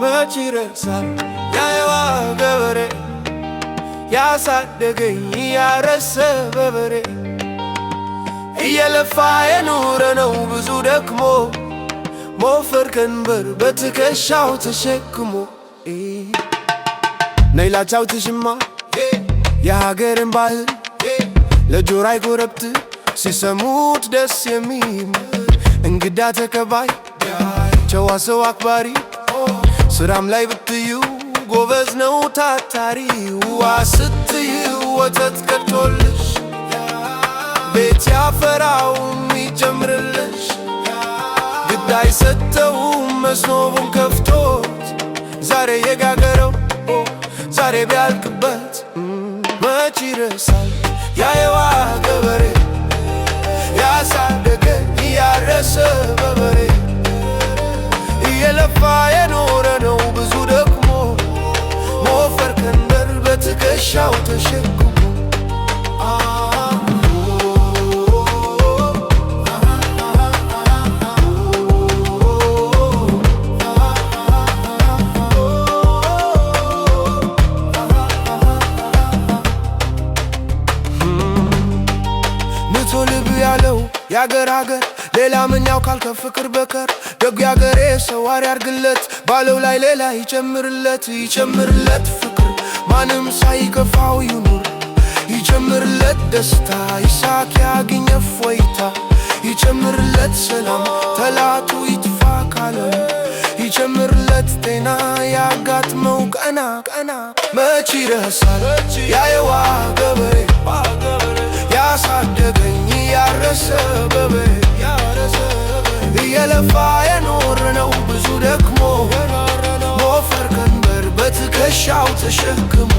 መች ረሳል ያየዋ ገበሬ ያሳደገኝ ያረሰ በበሬ እየለፋ የኖረ ነው ብዙ ደክሞ ሞፈር ቀንበር በትከሻው ተሸክሞ ነይላቻው ትሽማ የሀገርን ባህል ለጆሮ አይጎረብጥ ሲሰሙት ደስ የሚል ረዳት ተከባይ፣ ጨዋ ሰው አክባሪ፣ ስራም ላይ ብትዩ ጎበዝ ነው ታታሪ። ዋ ስትዩ ወተት ከቶልሽ ቤት ያፈራው የሚጨምርልሽ ግዳይ ሰተው መስኖቡን ከፍቶት ዛሬ የጋገረው ዛሬ ቢያልቅበት መች ይረሳል ያየዋ ገበሬ ሰበበሬ እየለፋ የኖረ ነው ብዙ ደክሞ ሞፈር ቀንበር በትከሻው ተሸክሞ ልብ ያለው የአገር አገር ሌላ ምን ያውቃል ከፍቅር በቀር ደጉ ያገሬ ሰዋሪ አርግለት ባለው ላይ ሌላ ይጨምርለት ይጨምርለት ፍቅር ማንም ሳይከፋው ይኑር ይጨምርለት ደስታ ይሳክ ያግኘ ፎይታ ይጨምርለት ሰላም ተላቱ ይጥፋ ካለ ይጨምርለት ጤና ያጋጥመው ቀና ቀና መች ይረሳል ያየዋ ገበሬ እየለፋ ነው ብዙ ደክሞ ሞፈር ቀንበር በትከሻው ተሸክሞ